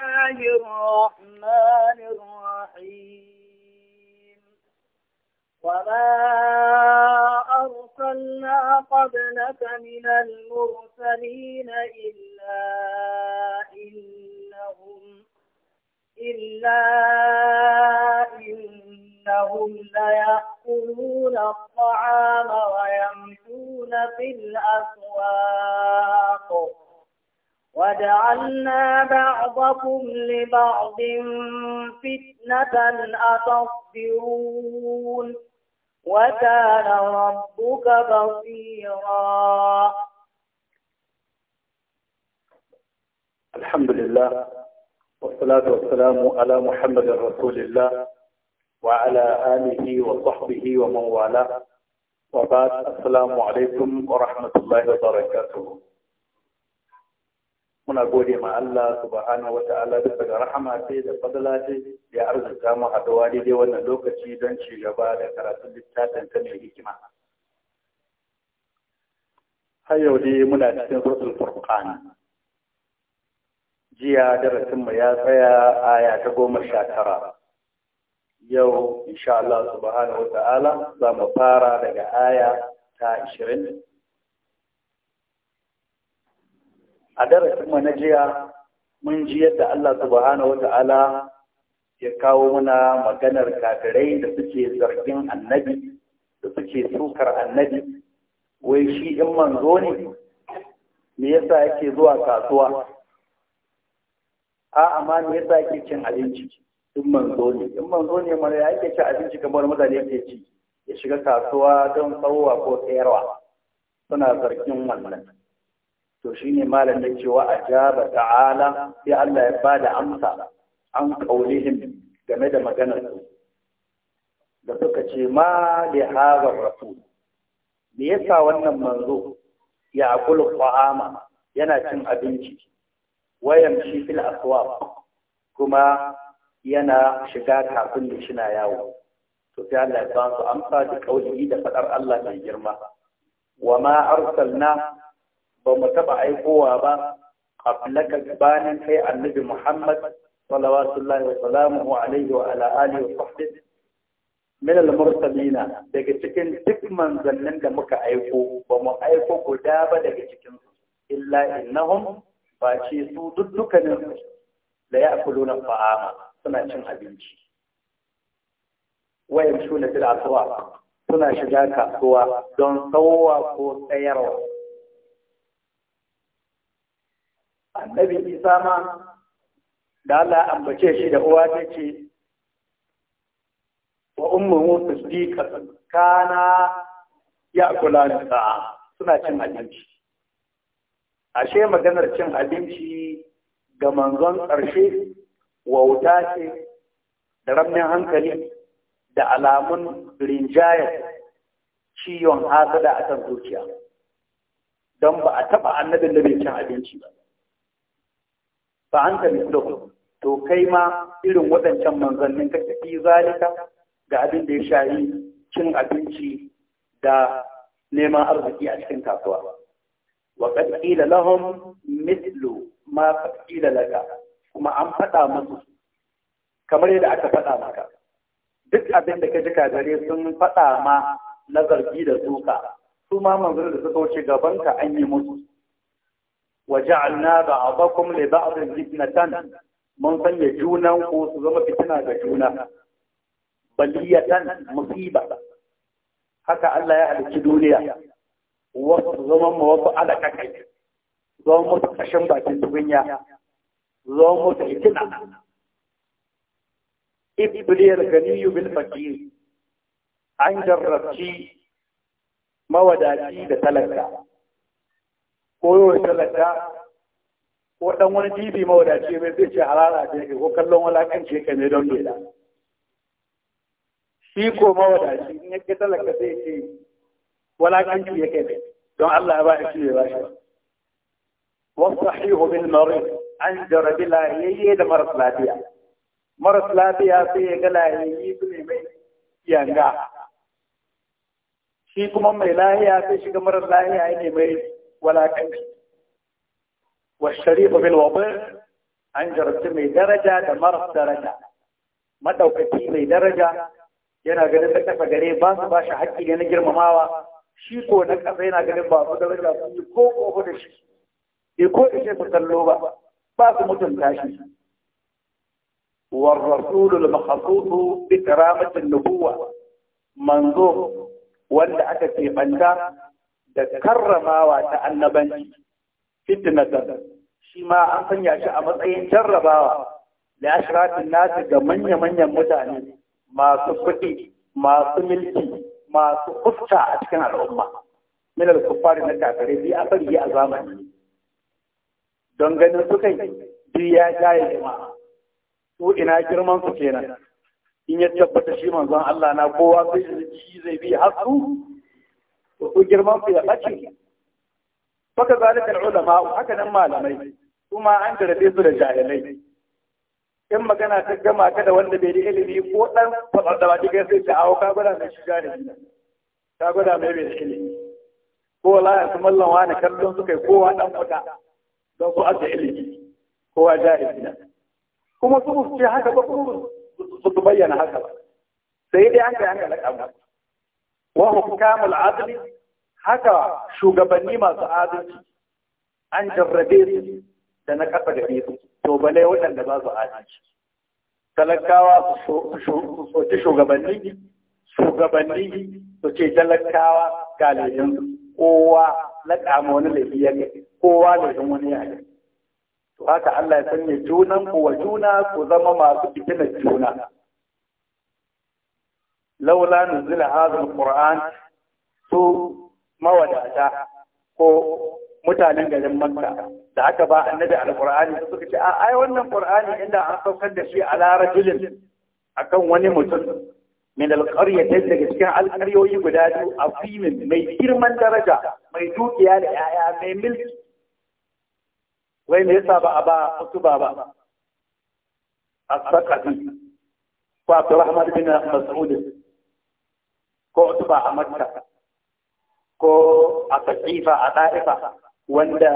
الله الرحمن الرحيم وما أرسلنا قبلك من المرسلين إلا إنهم إلا إنهم ليأكلون الطعام ويمشون في الأسواق وجعلنا بعضكم لبعض فتنة أتصبرون وكان ربك بصيرا الحمد لله والصلاة والسلام على محمد رسول الله وعلى آله وصحبه ومن والاه وبعد السلام عليكم ورحمة الله وبركاته muna gode ma Allah subhanahu Ta'ala da daga rahama sai da fadala ce ya arzuta mu haɗuwa daidai wannan lokaci don ci gaba da karatun littafin ta mai hikima. Har yau dai muna cikin suratul Furqan. Jiya darasin mu ya tsaya aya ta goma sha tara. Yau insha Allah subhanahu Ta'ala, za mu fara daga aya ta ishirin a darasin mu na jiya mun ji yadda Allah subhanahu wata'ala ya kawo muna maganar kafirai da suke zargin annabi da suke sukar annabi wai shi in manzo ne me yasa yake zuwa kasuwa a'a ma me yasa yake cin abinci in manzo ne in manzo ne mara ya yake cin abinci kamar mutane ke ci ya shiga kasuwa don tsawowa ko tsayarwa suna zargin wannan to shine malamin da cewa ajaba ta'ala sai Allah ya bada amsa an ƙaunihin game da maganar su da suka ce ma da hadar me yasa wannan manzo ya akulu yana cin abinci wayan shi fil aswaq kuma yana shiga kafin da na yawo to sai Allah ya ba su amsa da kauli da faɗar Allah mai girma wa ma arsalna ba mu taɓa aikowa ba qablaka gabanin kai annabi Muhammad sallallahu alaihi wa salamu alaihi wa ala alihi wa sahbihi min al-mursalina daga cikin duk manzannin da muka aiko ba mu aiko guda ba daga cikin su illa innahum ba ce su duk dukkanin su la ya'kuluna ta'ama suna cin abinci wayan shuna fil aswa suna shiga kasuwa don tsawowa ko tsayarwa annabi isa ma da Allah ambace shi da uwa ta ce wa ummuhu tasdiqa kana da nisa suna cin abinci ashe maganar cin abinci ga manzon ƙarshe wauta ce da ramin hankali da alamun rinjayar ciwon hasada a kan zuciya don ba a taɓa annabin da bai cin abinci ba fa ta mithluhum to kai ma irin waɗancan manzannin ka fi zalika ga abin da ya shayi cin abinci da neman arziki a cikin kasuwa wa kad qila lahum mithlu ma qad qila laka kuma an faɗa musu kamar yadda aka faɗa maka duk abin da ka ji kagare sun faɗa ma na zargi da suka su ma manzannin da suka wuce ka an yi musu وجعلنا بعضكم لبعض فتنة من سن يجونا وسوزما فتنة جونا بلية مصيبة حتى الله يعلم الدنيا وسوزما موضع على كك زوم تكشم بعد الدنيا زوم فتنة إبلي الغني بالفقير عند الرب ما وداتي بتلقى ko da talata ko dan wani jibi mawadaci bai zai ce halala da yake ko kallon walakanci kai ne don dela shi ko mawadaci in yake talaka sai ce walakanci yake ne don Allah ba shi ya ba shi wasahihu bil marid an jarabi lahiyayye da maras lafiya maras lafiya sai ya ga lahiyayye su ne mai yanga shi kuma mai lahiya sai shiga maras lahiya ne mai ولكن والشريط في الوضع أنجر تمي درجة مرض درجة ما دوك تمي درجة ينا قدر تكفى قريبا باشا حكي لنا جرم ماوا شيكو نكفينا قريبا فدو إلا يكو أخدش يكو إشي تقلوبا باس متن تاشي والرسول المخصوص بكرامة النبوة منظور ولعك في قندا da karramawa ta annabanci fitnatar shi ma an sanya shi a matsayin jarrabawa da ashiratin nasu ga manya-manyan mutane masu kuɗi masu milki masu ufta a cikin al'umma milar kufari na kakare bi a bari a zamani don ganin su kai bi ya jaye ma. su ina girman su kenan in ya tabbata shi manzon Allah na kowa sai shi zai bi har su ko girman su ya bace faka zalika ulama haka nan malamai kuma an jarabe su da jahilai in magana ta gama ka da wanda bai da ilimi ko dan da ba diga sai ta hawo ka gura mai shiga da ka gwada mai bai ilimi ko ya su mallan wani kallon su kai kowa dan kuta don ku asa ilimi kowa jahili kuma su ce haka ba ku su bayyana haka ba sai dai an kai an ga lakabu wa hukamul adli haka shugabanni masu adalci an jarrabe su da na kafa gare su to bale waɗanda ba su adalci talakawa su soki shugabanni shugabanni su ce talakawa galibin kowa kowa kama wani laifi ya kowa laifin wani ya to haka Allah ya sanya junan ku wa juna ku zama masu fitinar juna laula nuzila hadha qur'an su mawadata ko mutanen garin Makka da aka ba annabi alqur'ani su suka ce ai wannan qur'ani inda an saukar da shi ala rajulin akan wani mutum min alqaryatayn daga cikin alqaryoyi guda biyu a fimin mai girman daraja mai dukiya da yaya mai milki wai me yasa ba a ba su ba ba? as-saqafi wa Abdurrahman bin Mas'ud ko utuba a makka ko a sakifa a ɗa'ifa wanda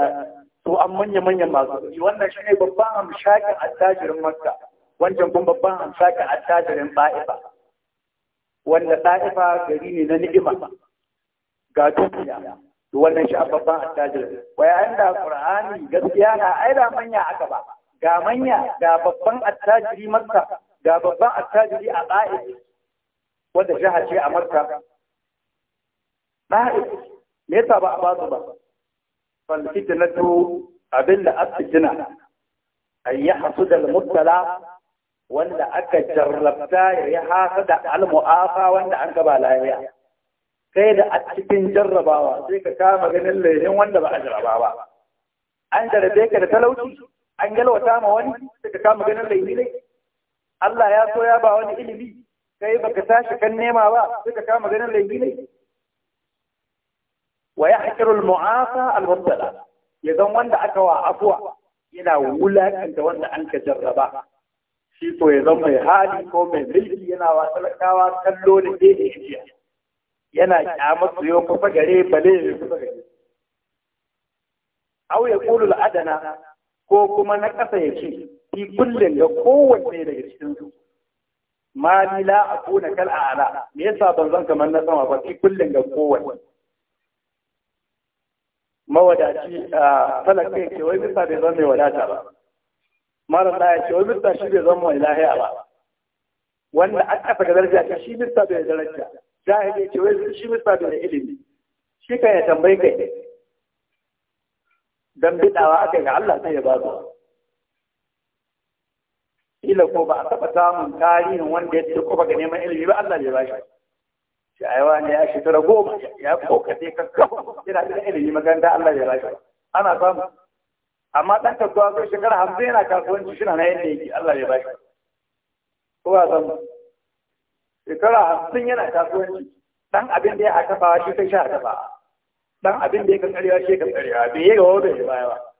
su an manya-manyan masu zuci. wannan shi ne babban amshakin attajirin makka wancan kuma babban amshakin attajirin ɗa'ifa wanda ɗa'ifa gari ne na ni'ima ga dukiya wannan shi a babban attajirin ya da qur'ani gaskiya na da manya aka ba ga manya ga babban attajiri makka ga babban attajiri a ɗa'if wadda jiha ce a makka ba'id me yasa ba a ba su ba na fitnatu abinda asjina yi hasu da mubtala wanda aka jarrabta ya yi hasada al mu'afa wanda an gaba lafiya kai da a cikin jarrabawa sai ka kama ganin laifin wanda ba a jarraba ba an jarrabe ka da talauci an yalwata ma wani sai ka kama ganin laifi ne Allah ya so ya ba wani ilimi kai baka tashi kan nema ba sai ka kama ganin laifi ne wa yahqiru al-mu'afa al-mubtala ya zan wanda aka wa afwa yana wulakanta wanda an ka jarraba shi ko ya zan mai hali ko mai mulki yana wa talakawa kallo da ke da jiya yana kyamar su yau kusa gare bale ya kusa gare aw ya qulu al-adana ko kuma na kasa ya ce fi kullum ga kowanne daga cikin su ma ni la akuna kal a'la me yasa ban zan kamar na sama ba ki kullun ga kowanne mawadaci a talakai ke wai bisa bai zan mai wadata ba mara ya ce wai bisa shi bai zan mai lahiya ba wanda an kafa da daraja ce shi bisa bai daraja jahili ce wai shi bisa bai ilimi shi kan ya tambayi kai dan bidawa aka ga Allah sai ya ba kila ko ba a taɓa samun tarihin wanda ya ce ko ba ga neman ilimi ba Allah bai ba shi shi yawa ne ya shekara goma ya kokace kafa yana da ilimi maganda Allah bai ba shi ana samu amma ɗan kasuwa zai shekara hamsin yana kasuwanci shi na na yadda yake Allah bai ba shi ko ba samu shekara hamsin yana kasuwanci ɗan abin da ya haka shi kai shi haka ɗan abin da ya kankarewa shi kan karewa bai yi ga wanda ya baya ba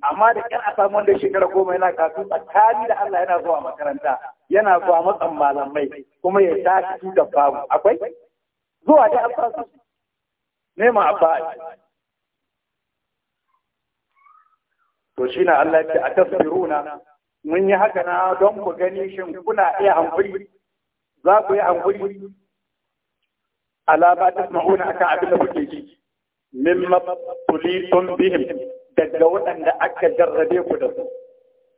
amma da ƙyar a samu wanda shekara goma yana kasu tsakani da Allah yana zuwa makaranta yana zuwa matsan malamai kuma ya tashi su da babu akwai zuwa da fasu nema abba to shi na Allah ce a na mun yi haka na don ku gani shin kuna iya hankuri za ku yi hankuri ala ba tasma'una akan abin da kuke ji mimma tulitun bihim daga waɗanda aka jarrabe ku da su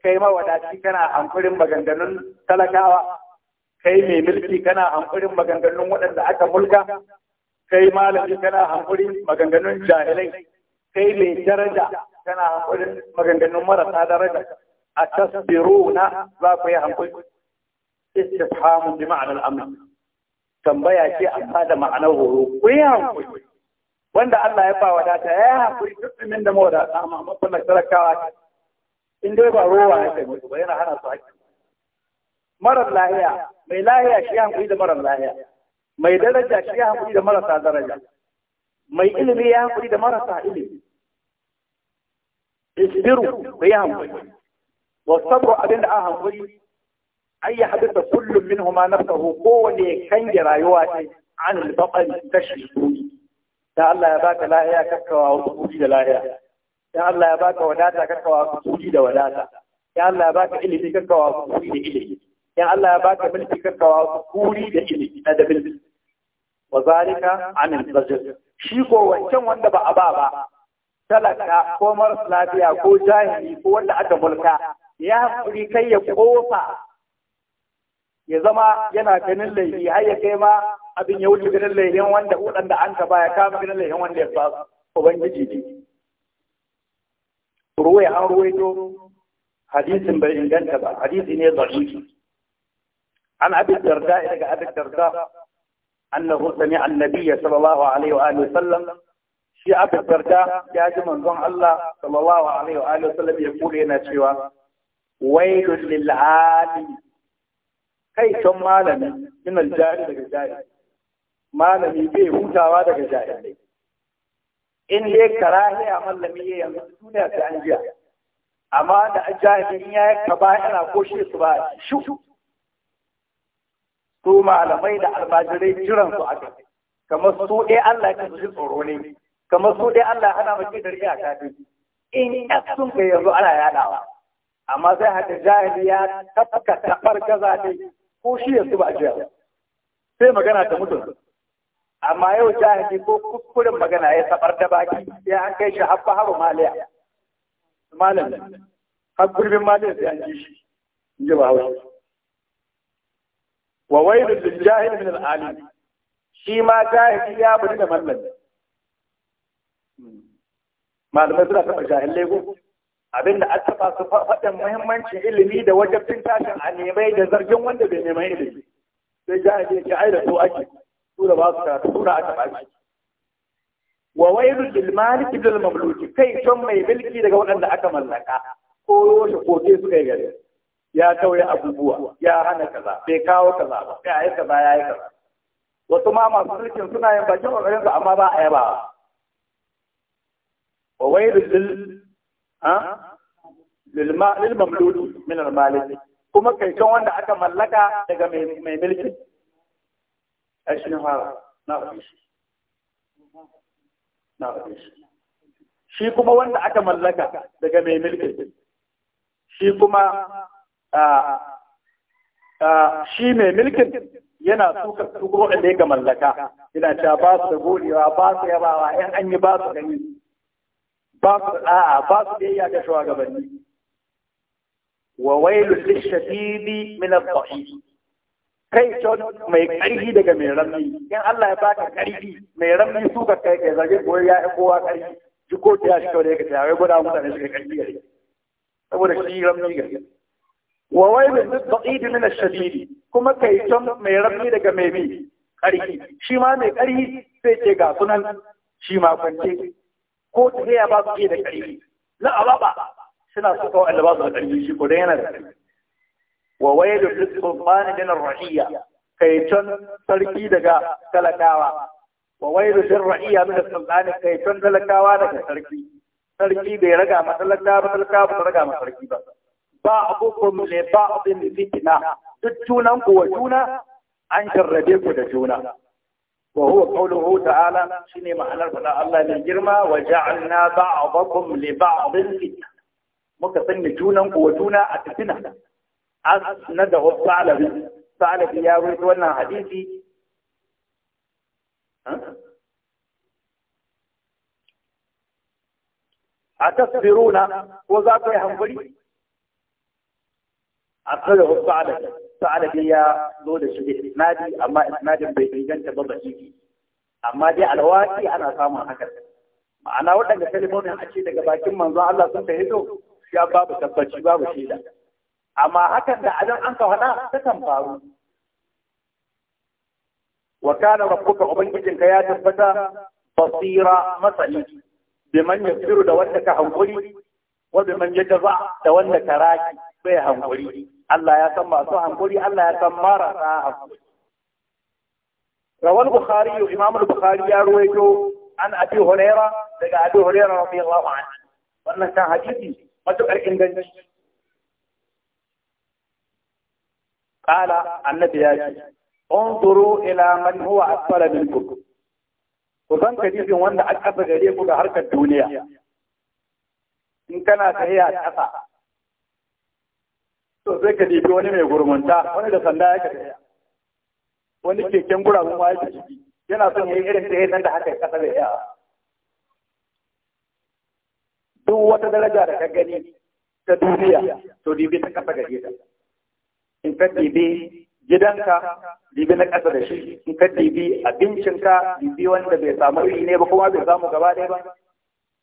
kai mawadaci kana hankulin maganganun talakawa kai mai mulki kana hankulin maganganun waɗanda aka mulka kai malami kana hankulin maganganun jahilai kai mai daraja kana hankulin maganganun marasa daraja a tasbiru na za ku yi hankuli istifhamun bi ma'anar amr tambaya ce amma da ma'anar horo ku yi hankuli wanda Allah ya ba wadata ya duk min da mawadata amma matsalar talakawa in dai ba ruwa ne sai mutu ba yana hana su haƙƙi marar lahiya mai lahiya shi ya haƙuri da marar lahiya mai daraja shi ya haƙuri da marasa daraja mai ilimi ya haƙuri da marasa ilimi isbiru ku yi wa sabru abinda an hankuri an yi hadisa kullum min huma nafsahu kowane ya kange rayuwa ce an albaɓari ta shi dan Allah ya baka lahiya kakkawa wasu kudi da lahiya dan Allah ya baka wadata kakkawa wasu kudi da wadata dan Allah ya baka ilimi kakkawa wasu kudi da ilimi dan Allah ya baka mulki kakkawa wasu kudi da ilimi na da mulki wa zalika an al shi ko wancan wanda ba a ba ba talaka ko marasa lafiya ko jahili ko wanda aka mulka ya hankuri kai ya kofa ya zama yana ganin laifi har ya kai ma abin ya wuce ganin laifin wanda waɗanda an taɓa ya kama ganin laifin wanda ya ba ubangiji ne ruwaya an ruwaito hadisin bai inganta ba hadisi ne zarifi an abi darda daga abi darda annahu sami'a annabiyya sallallahu alaihi wa alihi sallam shi abi darda ya ji manzon Allah sallallahu alaihi wa alihi sallam ya kula yana cewa wailul lil alim kai can malami minal jari daga jari malami bai hutawa daga jari in dai karahiya mallami ya yanzu ne ta an jiya amma da jahilin ya yi kaba yana ko shi su ba shi su malamai da almajirai jiran su aka kamar su ɗaya Allah ya ji tsoro ne kamar su ɗaya Allah ana maki da riya ka in ya sun kai yanzu ana yadawa amma sai haka jahili ya tafka tafar gaza ne ko shi yanzu ba a jiya sai magana ta mutum amma yau jahili ko kuskuren magana ya sabar da baki sai an kai shi habba haru maliya malam har gurbin maliya sai an ji shi in ji ba hausa wa wailu lil jahil min al alim shi ma jahili ya bari da mallam. malamai suna taɓa jahilai ko da aka taba su faɗin muhimmancin ilimi da wajabcin tashin a nemai da zargin wanda bai da ilimi sai jahili ke ai da su ake su da ba su karatu su da aka ba wa wailu lil maliki lil mamluki kai son mai bilki daga waɗanda aka mallaka ko ko koke su kai gare ya tauye abubuwa ya hana kaza bai kawo kaza ba ya yi kaza ya yi kaza wasu ma masu mulkin suna yin bakin kokarin su amma ba a yaba wa wailu lil lil mamluki min al malik kuma kaiton wanda aka mallaka daga mai mulki ashin fara na na shi kuma wanda aka mallaka daga mai mulki shi kuma a a shi mai milkin yana suka tsoro da ya ga mallaka yana cewa ba su da godewa ba su yabawa in an yi ba su gani ba su da'a ba su biyayya ga shugabanni wa wailu lishadidi min ad-dha'if kai ton mai karfi daga mai rami in Allah ya baka karfi mai rami su ka kai kai zage ko ya kowa karfi ji ko ta shi kawai ka tawaye gwada mutane suka karfi gare saboda shi rami gare wa wailu lishadidi min ash-shadidi kuma kai ton mai rami daga mai bi karfi shi ma mai karfi sai ce ga sunan shi ma kwance ko tafiya ba su iya da ƙarfi la a baba suna so kawai Allah ba su da ƙarfi shi ko dan yana da ƙarfi wa wayl duk sulman min ar-ra'iyya kai can sarki daga talakawa wa wayl ar-ra'iyya min as-sulman kai can talakawa daga sarki sarki bai raga ma ba, talakawa ba raga ma sarki ba ba abukum li ba'd fitna duk junan ku wa juna an karrabe ku da juna وهو قوله تعالى شيني معنى فلا الله من جرما وجعلنا بعضكم لبعض فتنة مكتن جونا وجونا أتفنة أسنده الثعلبي الثعلبي يا ويت وانا حديثي أتصبرون وذاك يا أتصبرون أسنده الثعلبي sa'adabi ya zo da shi da isnadi amma isnadin bai inganta ba bashiki amma dai alwaki ana samun hakan ma'ana waɗanda kalmomin a ce daga bakin manzon Allah sun ta hito ya babu tabbaci babu shaida amma hakan da adan an ka faɗa takan faru wa kana rabbuka ubangijinka ya tabbata basira masani biman yafiru da wanda ka hankuri wa biman yajza da wanda ka raki bai hankuri Allah ya san masu hankuri Allah ya san marasa hankuri rawal bukhari imam al-bukhari ya ruwaito an abi huraira daga abi huraira radiyallahu anhu wannan kan hadisi matukar inganci qala annabi ya ce انظروا الى من هو اسفل منكم ku san kadifin wanda aka kasa gare ku da harkar duniya in kana tahiya ƙasa to sai ka dibi wani mai gurmunta wani da sanda ya kada wani keken guragun ma yake ciki yana son ya yi irin da yayin nan da haka ya kasa da ya duk wata daraja da ka gani ta duniya to dibi ta kasa gare ta in ka dibi gidanka dibi na kasa da shi in ka dibi abincinka dibi wanda bai samu ne ba kuma bai samu gaba ɗaya ba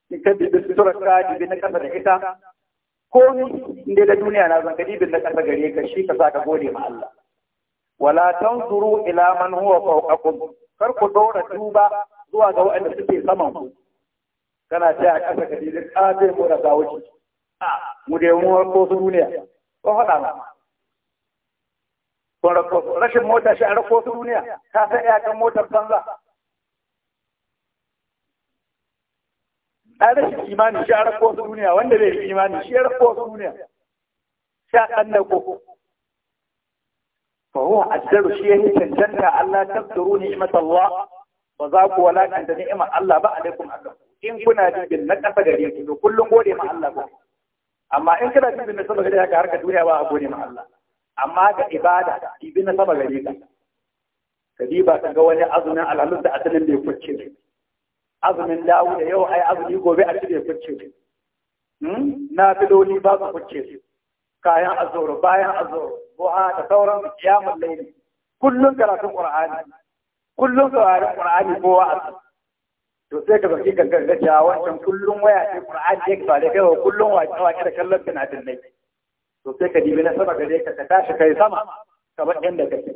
in ka dibi suturarka dibi na kasa da ita ko inda na duniya na zan kadi bin na kasa gare ka shi ka sa ka gode ma Allah wala tanzuru ila man huwa fawqakum kar ku dora duba zuwa ga waɗanda suke saman ku kana ta a kasa kadi da kafin mu da zawuci a mu da mu ko su duniya ko faɗa ma rashin mota shi a rako su duniya ka san kan motar banza na shi imani shi a wasu duniya wanda bai shi imani shi ya wasu duniya sha ɗan da ko fa huwa azzaru shi yake cancanta Allah tabduru ni'mat Allah ba za ku walakanta ni'imar Allah ba alaikum Allah in kuna dibin na ƙasa gare ku to kullum gode ma Allah ba amma in kana dibin na sama gare ka harka duniya ba a gode ma Allah amma ga ibada dibin na sama gare ka ka diba ka ga wani azumin alhamdulillah da asalin bai kwace ne azumin dawo da yau ai azumi gobe a cire ne hmm? na filoli ba su kucce su kayan azoro bayan azoro buha da sauran kiyamun laili kullum karatun qur'ani kullum sauraron qur'ani ko wa'azi to sai ka zaki kan a wancan kullum waya ce qur'ani yake ba da kai kullum wace wace da kallon tunatin nai to sai ka dibi na sama gare ka ka tashi kai sama kamar yadda kake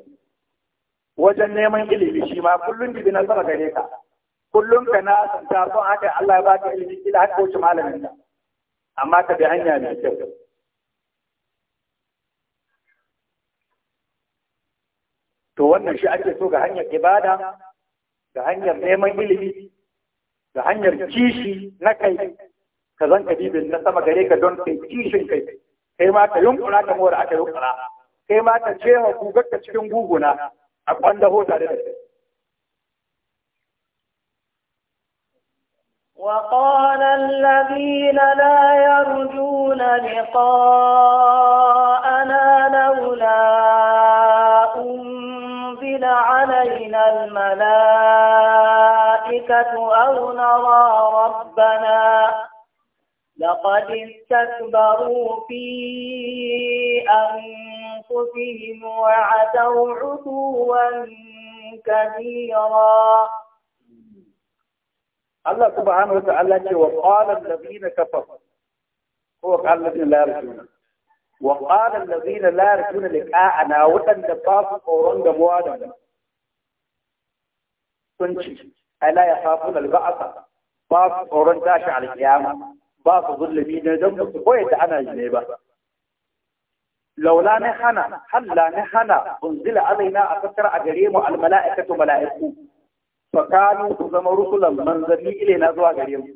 wajen neman ilimi shi ma kullum dibi na sama gare ka kullum ka na ta son haka Allah ya baka ilimi ila haka wuce malamin ka amma ka bi hanya mai kyau to wannan shi ake so ga hanyar ibada ga hanyar neman ilimi ga hanyar kishi na kai ka zan ka bibin na sama gare ka don kai kishin kai kai ma ka yunkura ka mora aka yunkura kai ma ka ce ma ka cikin guguna a kwanda hota da kai وقال الذين لا يرجون لقاءنا لولا أنزل علينا الملائكة أو نرى ربنا لقد استكبروا في أنفسهم وعتوا عتوا كبيرا Allah subhanahu wa ta'ala ce wa qala allazina kafaru ko qala allazina la yarjuna wa qala allazina la yarjuna liqa'ana wadanda ba su tsoron gamuwa da mu sun ci ala yakhafuna al-ba'sa ba su tsoron tashi al-qiyama ba su zulumi ne don su koyi da ana yi ne ba laula ne hana halla ne hana unzila alaina a kasar a gare mu al-mala'ikatu mala'iku fakanu ku zama rusulan manzanni ile na zuwa gare mu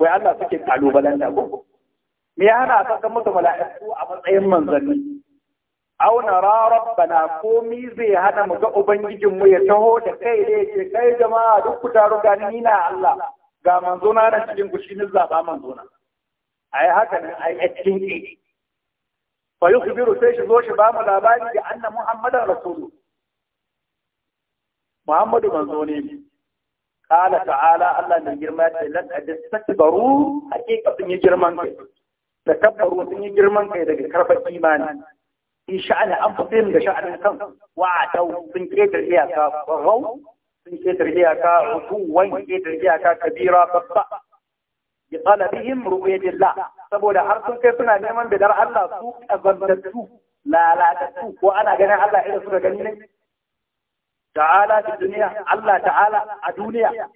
wai Allah suke kalubalen da ko me ya hana ka kamata mala'iku a matsayin manzanni aw nara rabbana ko mi zai hana mu ga ubangijin mu ya taho da kai da yake kai jama'a duk ku taro gani ni na Allah ga manzo na cikin ku shine zaba na ai haka ne ai cikin ki fa yukhbiru sai shi zo shi ba mu labari da anna Muhammadan rasulullah محمد منزوني قال تعالى الله من جرمات لن أدستكبروا حقيقة من جرمانك تكبروا من جرمانك إذا كرب الإيمان إن شاء الله أنفسهم بشأن الكم وعتوا من كيدر إياكا وغو من كيدر إياكا عتوا من كيدر إياكا كبيرا بطا بطلبهم رؤية الله طب ولا حرصوا كيفنا نعمل بدر الله سوء أبدا سوء لا لا تسوء وأنا جنا الله إلى سورة جنينة تعالى في الدنيا الله تعالى الدنيا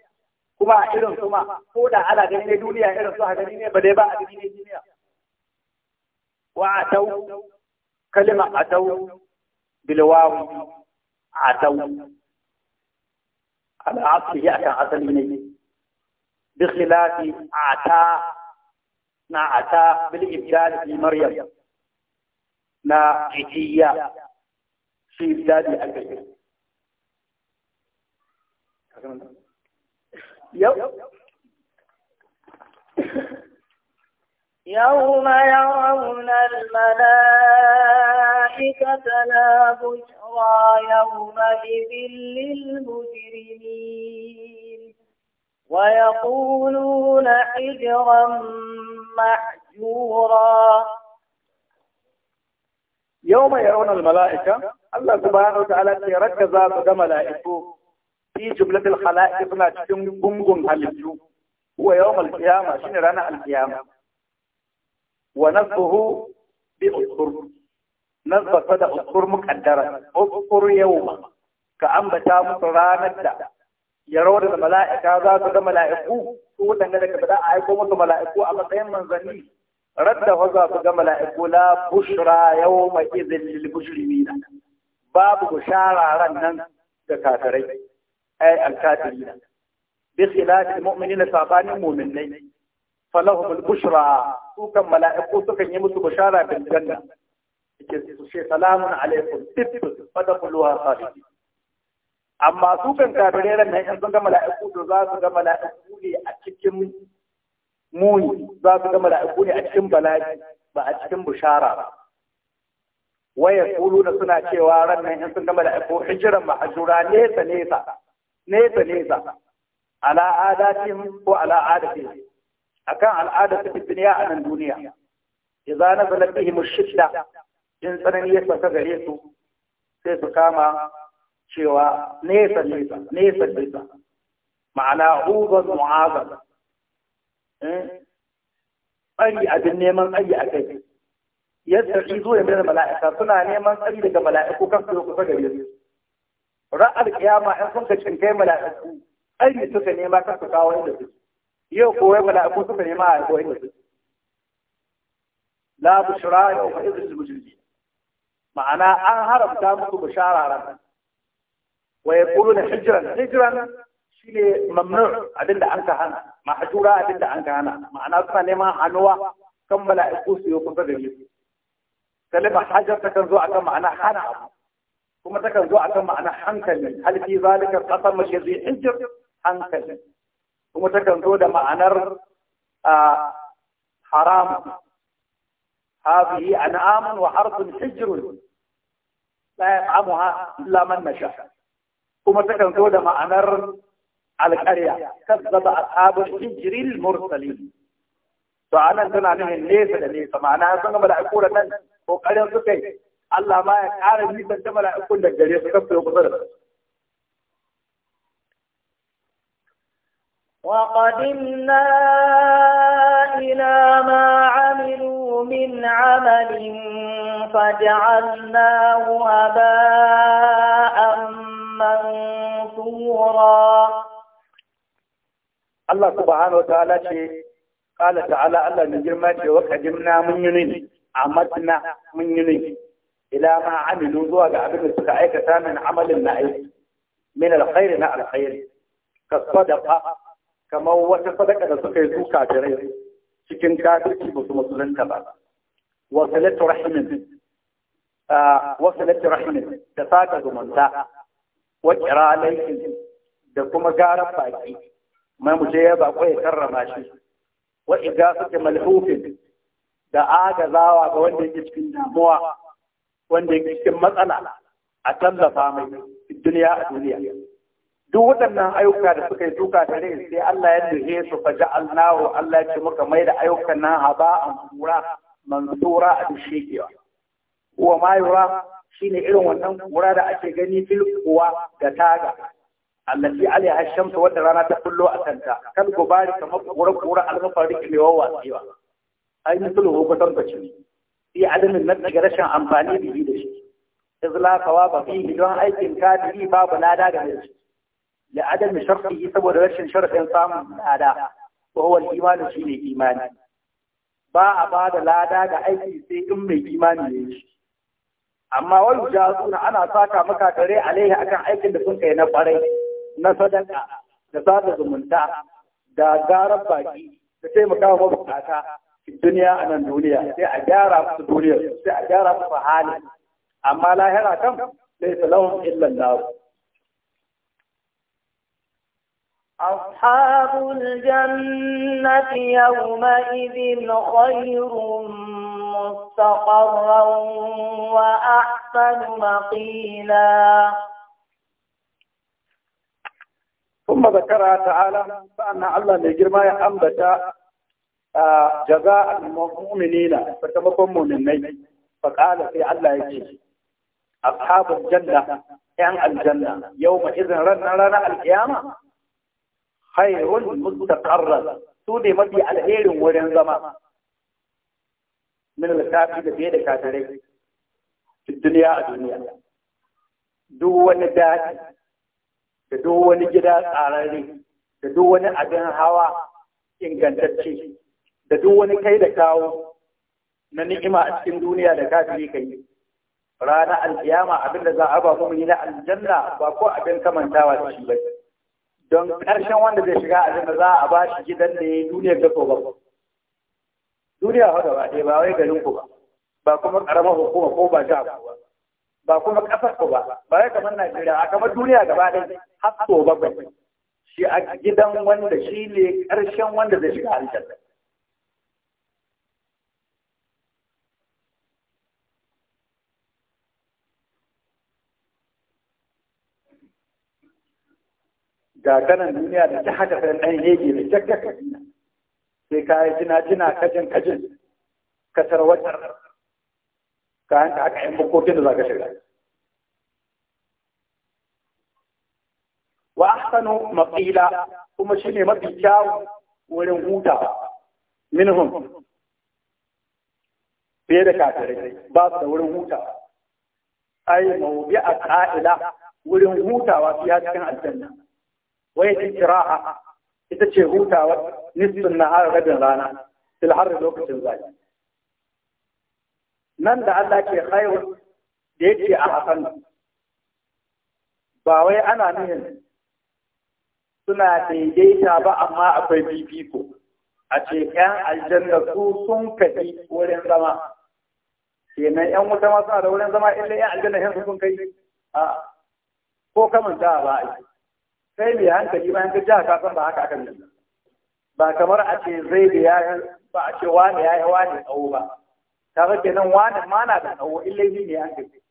كما إلهم كما كودا على جنين الدنيا إلهم صح جنين بدبا جنين الدنيا وعتو كلمة عتو بالواو عتو على عطف يأتى عتل من بخلاف عتا نا عتا بالإبدال في مريم نا عتية في إبدال أكثر يوم يرون الملائكة لا بشرى يومئذ للمجرمين ويقولون حجرا محجورا يوم يرون الملائكة الله سبحانه وتعالى يركز على ملائكته في جملة الخلائق كما تشم قمقم هلجو هو يوم القيامة شن رانا القيامة ونصبه بأسطر نصب فدا أسطر مكدرة أسطر يوم كأم بشام صرانة يرون الملائكة ذات الملائكة سوى تنجدك بدا آيكم الملائكة أما تيم من ذني رد غزا الملائكة لا بشرى يوم إذن للمجرمين باب بشارة رنن ككافرين ay al-kafirin bi khilaf al-mu'minina sabanin mu'minai falahum al-bushra su mala'iku sukan yi musu bashara bil janna yake su ce salamun alaikum tibb fadkhuluha khalidin amma su kan kafirai ran sun ga mala'iku to za su ga mala'iku ne a cikin muni za su ga mala'iku ne a cikin ba a cikin bushara waya suna cewa ran nan sun ga mala'iku nesa nesa nesa nesa ala adatihim ko ala adati akan al'ada ta duniya a nan duniya idza nazala bihim shidda in tsanani ya saka gare su sai su kama cewa nesa nesa nesa nesa ma'ana uban mu'azab eh? tsari abin neman tsari a kai yadda izo ya mai mala'ika suna neman tsari daga mala'iku kan su kusa gare su ra'ar kiyama in sun ka cinkai mala'iku aiki suka nema ta kawo inda su yau kowai mala'iku suka nema a kawo inda su la bushra yau fa idris mujrimi ma'ana an haramta musu bushara ran wa yaquluna hijran hijran shine mamnu abinda an ka hana mahjura abinda an ka hana ma'ana suna neman hannuwa kan mala'iku su yi kusa da su kalmar hajar ta kan zo akan ma'ana hana abu kuma takan zo akan ma'ana hankali hal fi zalika qasam shirri hijr hankali kuma takan zo da ma'anar haram هذه أنعام وحرث حجر لا يطعمها إلا من نشاء kuma takan zo da ma'anar alƙarya kazzaba ashabul hijril mursalin to anan tana nufin nesa da nesa ma'ana sun ga mala'iku da nan kokarin suka yi Allah ma ya ƙara nisan ta mala'ikun da gare su kafin kusa da وقدمنا إلى ما عملوا من عمل فجعلناه أباء منثورا الله سبحانه وتعالى شيء قال تعالى الله من جرمات وقدمنا من ينين عمتنا من ينين ila ma amilu zuwa ga abin da suka aikata min amalin na aiki min alkhairi na alkhairi ka sadaqa kamar wata sadaqa da suka yi su kafirai cikin kafirci ba su musulunta ba wa salatu rahimin wa salatu rahimin da saka zumunta wa qira'atin da kuma gara baki mai muje ya bako ya karrama shi wa igasati malhufin da agazawa ga wanda yake cikin damuwa wanda yake cikin matsala a tallafa mai duniya a duniya duk waɗannan ayyuka da suka yi duka da sai Allah ya duhe su fa ja'alnahu Allah ya ce muka mai da ayyukan nan haba'an kura mansura a shekewa wa ma yura shine irin wannan kura da ake gani fil kuwa ga taga Ali ya shamsu wadda rana ta kullo a kanta kan gubari kamar kura kura almafari ke mai wawa tsiwa ai misulu ko fi adamin nan daga rashin amfani da yi da shi izla sawaba fihi don aikin kadiri babu lada ga shi da adam sharfihi saboda rashin sharfin samun lada wa huwa imani shine imani ba a ba da lada ga aiki sai in mai imani ne shi amma wani jasuna ana saka maka tare alaihi akan aikin da sun kai na kwarai na sadaka da sada zumunta da garar baki da taimaka wa mabukata الدنيا أنا الدنيا سأجارة الدنيا سأجارة فحالي أما لا هلا كم ليس لهم إلا النار أصحاب الجنة يومئذ خير مستقرا وأحسن مقيلا ثم ذكرها تعالى فأن الله لجرما أنبت jaza al-mu'minina sakamakon mu'minai fa qala sai Allah ya ce ashabul janna yan aljanna yawma idan rana ranar alkiyama khairun mustaqarran su ne mafi alherin wurin zama min lissafi da fiye da katarai duniya a duniya duk wani daɗi da duk wani gida tsararre da duk wani abin hawa ingantacce da duk wani kai da kawo na ni'ima a cikin duniya da kafiri kai rana alkiyama abin da za a ba mu na aljanna ba ko abin kamantawa da shi ba don ƙarshen wanda zai shiga aljanna za a ba shi gidan da ya duniya ga ba duniya haka ba ɗaya ba wai garin ku ba ba kuma ƙaramar hukuma ko ba ja ba ba kuma ƙasar ku ba ba wai kamar Najeriya a kamar duniya gaba ɗaya hasso ba shi a gidan wanda shi ne ƙarshen wanda zai shiga aljanna gaganan duniya da ta haka sai ɗan hege da jakka ka sai ka yi jina jina kajin kajin ka tarwatar ka hanka aka yi bukokin da za ka shiga wa ahsanu maqila kuma shine mafi kyawu wurin hutawa minhum fiye da kafirai ba su da wurin hutawa ai mawdi'a qa'ila wurin hutawa fiye cikin aljanna wai istiraha ita ce hutawa nisfin nahar rabin rana fil har lokacin zafi nan da Allah ke khairu da yake a hasan ba wai ana nuhin suna daidaita ba amma akwai fifiko a ce ƴan aljanna su sun kaɗi wurin zama kenan ƴan wuta ma suna da wurin zama illa ƴan aljanna sun kai a ko kamanta ba a yi sai mai hankali bayan ka jiha san ba haka akan nan ba kamar a ce zai da ya ba a ce wani ya yi wani tsawo ba ta rage nan wani ma na da tsawo illai ne an gaji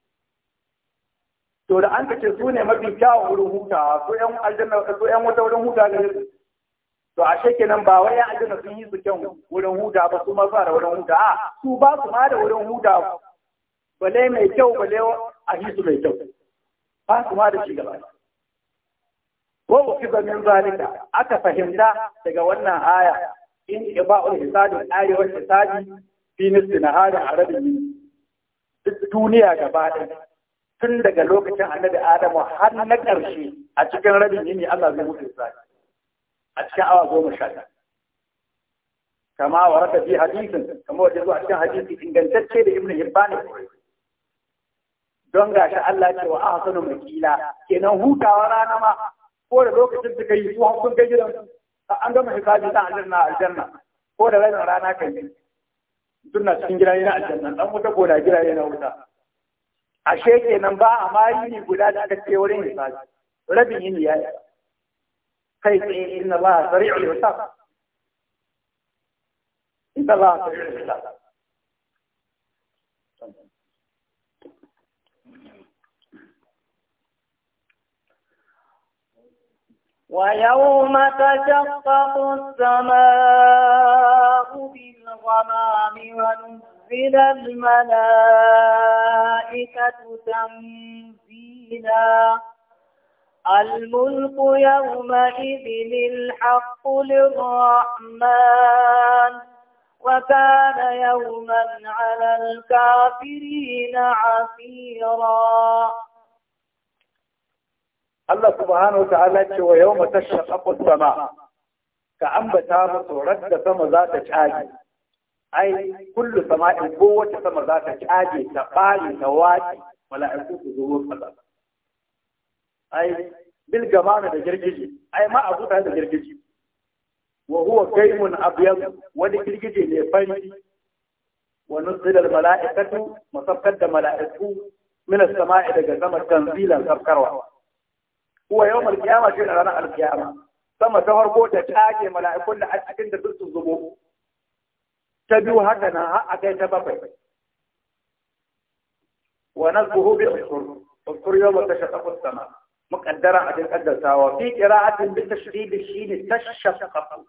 to da an ce su ne mafi kyawun wurin hutawa su yan aljanna su yan wata wurin hutawa ne to a shekke nan ba wai yan aljanna sun yi su kyan wurin huta ba su ma da wurin huta a su ba su ma da wurin huta bale mai kyau bale a hisu mai kyau ba su ma da shi gaba wa ukiba min zalika aka fahimta daga wannan aya in iba'ul hisabi wa hisabi fi nisfi nahari a rabin duniya gaba ɗaya tun daga lokacin annabi adamu har na ƙarshe a cikin rabin yini Allah zai mutu hisabi a cikin awa goma sha kama wa raka fi hadisin kama wajen zuwa cikin hadisi ingantacce da ibnu hibban don gashi Allah ce wa ahsanu makila kenan hutawa rana ma ko da lokacin da kai su sun kai gidan an gama hisabi na aljanna aljanna ko da ranar rana kan yi dunna cikin gida yana aljanna dan wuta ko da gida yana wuta ashe kenan ba a ma yini guda da aka ce wurin hisabi rabin yini ya yi kai tsaye inna Allah sari'ul hisab inna Allah sari'ul hisab ويوم تشقق السماء بالغمام ونزل الملائكة تنزيلا الملك يومئذ الحق للرحمن وكان يوما على الكافرين عسيرا Allah subhanahu ta'ala ce wa yawma akwai sama ka ambata musu radda sama za ta cage ai kullu sama ko kowace sama za ta cage ta bali ta waki mala'iku su zo kaza ai bil gamana da girgije ai ma abu da girgije wa huwa kaimun abyad wani girgije ne fari wa nuzzila mala'ikatu musaffad da mala'iku min as-sama'i daga sama tanzilan sabkarwa هو يوم القيامة شين رنا القيامة ثم سهر بوتا تاجي ملائكة كل حد أكيد درس الزبوب تبيو هكنا أكيد تبابي ونزبه بأسر أسر يوم تشتق السماء مقدرة عدد أدى ساوى في قراءة بالتشريب الشين تشتق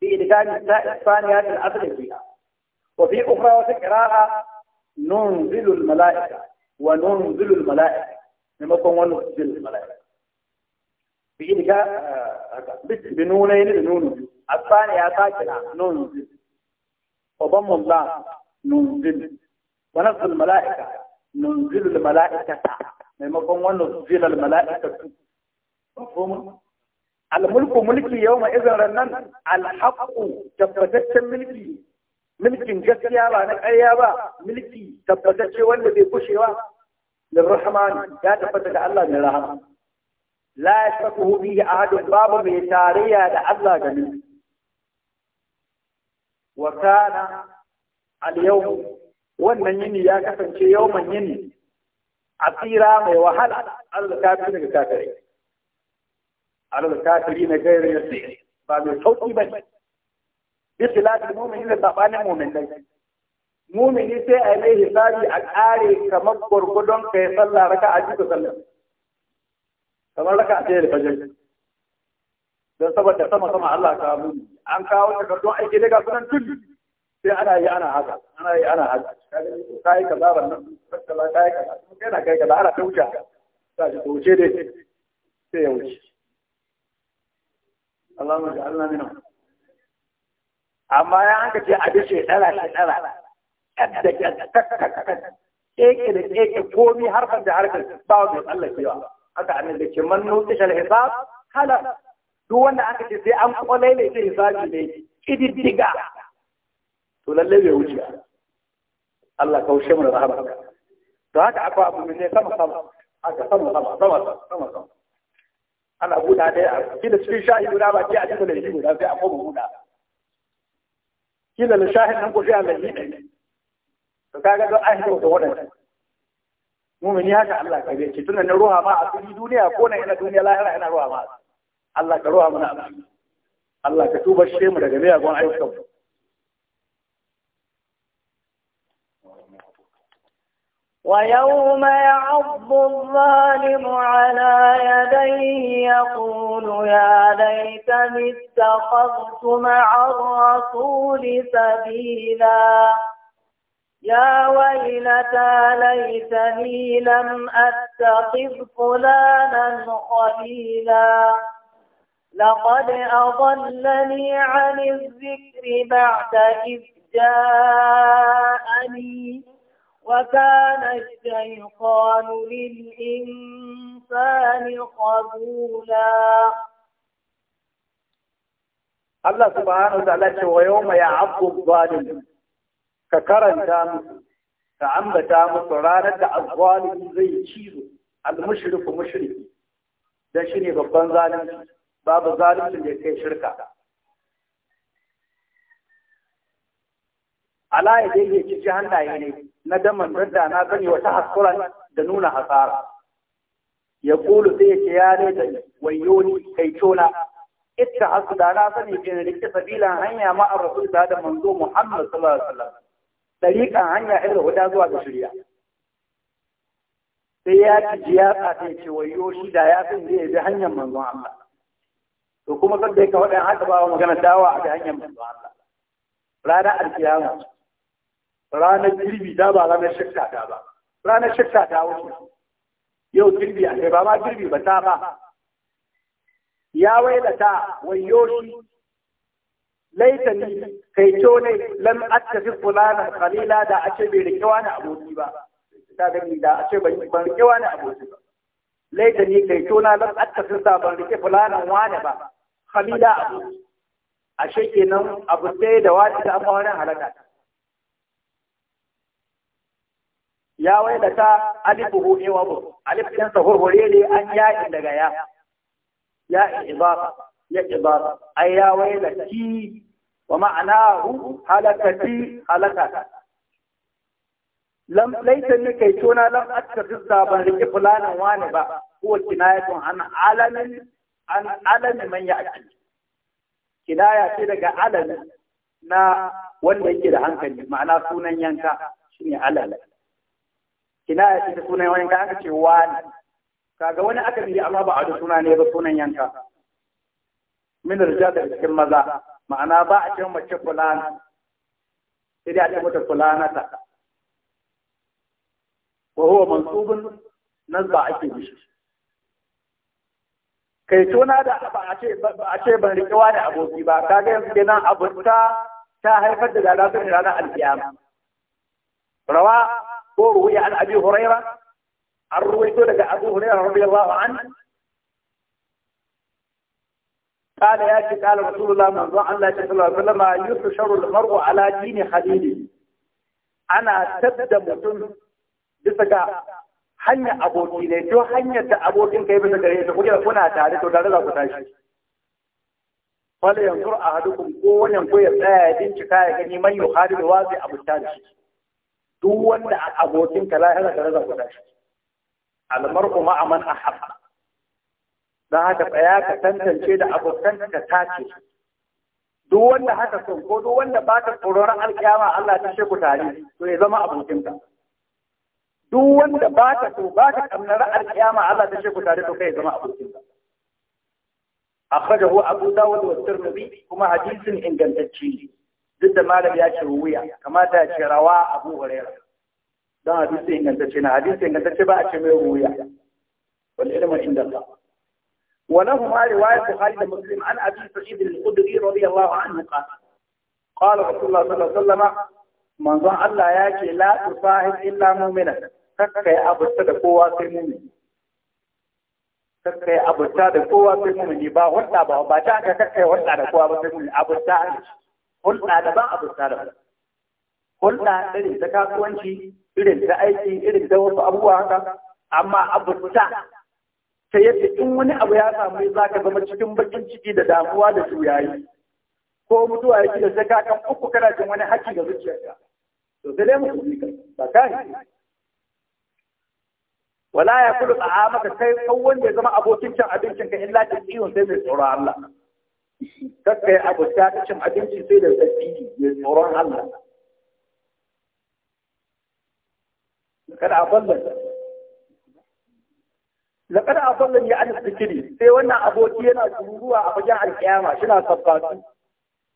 في إدقان الساء الثانية الأدل فيها وفي أخرى وفي قراءة ننزل الملائكة وننزل الملائكة لما تقول ننزل الملائكة bi diga bi nunai ne da nunu asani ya sake na nunu oban mulla nunzil wa nazzil mala'ika nunzil al mala'ikata maimakon wannan zil al mala'ikatu mafhumu al mulku mulki yawma idan rannan al haqqu tabbataccen mulki mulkin gaskiya ba na ƙarya ba mulki tabbatacce wanda bai kushewa lirrahman ya tabbata da Allah mai rahama لا يشفقه به أحد باب بإشارية الله جميل وكان اليوم ونني يا كفن شي يوم يني عطيرا وهل على الكافرين الكافرين على الكافرين غير يسير بعد الصوت يبدأ بخلاف المؤمنين طبعاً المؤمنين مؤمنين عليه حسابي أكاري كمكبر قدوم كي صلى ركا عجيب صلى الله عليه وسلم kamar raka ta yi fajr don saboda sama sama Allah ka mu an kawo takardun aiki daga sunan tun sai ana yi ana haka ana yi ana haka kai ka zaban nan kakkala kai ka kai na kai ka ana ta wuce ta ji ta wuce dai sai ya wuce Allahumma ja'alna minhum amma ya an ka ce a dace dara dara kadda kadda kadda keke da keke komi harfan da harfan ba wani Allah kewa haka annabi ce man nuqisha shal hisab hala duk wanda aka ce sai an ne shi hisabi ne kididdiga to lalle bai wuce Allah kaushe mu da rahama. to haka akwai abu mai sama sama haka sama sama sama sama ana buɗa dai a kila cikin shahi guda ba ke a cikin laifi guda sai a koma buɗa kila da shahin nan ko sai a laifi ne to kaga don a hito da waɗannan mumini haka Allah ka ce tunan na ruha ma a cikin duniya ko na ina duniya lahira ina ruha ma Allah ka ruha mana Allah ka tuba shi mu daga miyagun ayyukan mu ويوم يعض الظالم على يديه يقول يا ليتني اتخذت مع الرسول سبيلا يا ويلتى ليتني لم أتخذ فلانا خليلا لقد أضلني عن الذكر بعد إذ جاءني وكان الشيطان للإنسان خذولا الله سبحانه وتعالى ويوم يعض الظالمين ka karanta musu ka ambata musu ranar da azzalimi zai cizo almushriku mushriki dan ne babban zalunci babu zalunci da kai shirka ala ya dai yake ci hannaye ne na daman radda na sani wata hasuran da nuna hasara ya kulu sai yake ya ne da wayoni kai tona ita hasu da na sani ke in rike sabila hanya ma a rasul da manzo Muhammad sallallahu alaihi wasallam ɗariƙan hanya irin huda zuwa ga shirya sai ya ci ya tsaye ce wayo shi da ya san zai bi hanyar manzon Allah to kuma zan da yake waɗanda haka ba magana dawa a ga hanyar manzon Allah ranar alkiyama ranar girbi da ba ranar shakka ta ba ranar shakka ta wuce yau girbi a kai ba ma girbi ba ta ba ya wailata wayo shi laitani kai ne lam attafi fulana qalila da a ce bai rike wani aboki ba ta gani da a ce ban rike wani aboki ba laitani kai na lam attafi da ban rike fulana wani ba qalila aboki ashe kenan abu sai da wani da amma wani halaka ya da ta alifu hu ewa bu alif din sa hurhure ne an ya'i daga ya ya'i ibafa يقبر أي ويلتي ومعناه هلكتي هلكت لم ليس لكي تونا لم أذكر الزابا لكي وانبا هو كناية عن علم عن علم من يأتي كناية تلك علم na wanda yake da hankali ma'ana sunan yanka shine alal kina ya ce sunan yanka aka ce wani kaga wani aka bi amma ba a da suna ne ba sunan yanka min rijal da cikin maza ma'ana ba a ce mace fulana sai dai a ce mata fulanata wa huwa mansubun nazba ake mishi kai tona da ba a ce ban riƙewa da aboki ba ka ga yanzu nan abunta ta haifar da dada sun ranar alkiyama rawa ko ruwiya an abi huraira an ruwaito daga abu huraira radiyallahu an قال يا شيخ قال رسول الله من ظن الله صلى الله عليه وسلم يحشر المرء على دين خليله أنا تبدأ متن بسكا hanya aboki ne to hanyar da abokin kai bisa gare ta kuke kuna tare to tare za ku tashi wala yanzur ahadukum ko wannan ko ya ya bincika ya gani man yuhadidu wa bi abutan duk wanda abokin ka lahira tare za ku tashi don haka tsaya ka tantance da abokan ka tace duk wanda haka son ko duk wanda baka tsoron alkiyama Allah ta ku tare to ya zama abokinka duk wanda ka so ka kamnar alkiyama Allah ta sheku tare to kai ya zama abokinka akhrajahu abu dawud wa tirmidhi kuma hadisin ingantacce duk da malam ya ce wuya kamata ya ce rawa abu hurairah dan hadisi ingantacce na hadisi ingantacce ba a ce mai wuya wal ilmu inda Allah ولهما رواية البخاري ومسلم عن أبي سعيد الخدري رضي الله عنه قال قال رسول الله صلى الله عليه وسلم من ظن الله ياكي لا تصاحب إلا مؤمنا ككي أبتا دقوة مؤمن kakkai abuta da kowa sai mumuni ba hulɗa ba ba ta ka kakkai hulɗa da kowa ba sai mumuni abuta hulɗa da ba abuta da ba hulɗa ta kasuwanci irin ta aiki irin ta abubuwa haka amma ta yadda in wani abu ya samu za ka zama cikin bakin ciki da damuwa da juyayi ko mutuwa yake da sai kakan kan uku kana jin wani haƙƙi da zuciyarka to sai dai mu kuɗi kai ba yi wala ya kudu a maka sai kan wanda ya zama abokin cin abincin ka illa ta ciwon sai mai tsoron Allah kakkai abu ta cin abinci sai da tsaki mai tsoron Allah kada a ballanta a laqad afallani an zikri sai wannan aboki yana kururuwa a fagen alkiyama shina sabbatu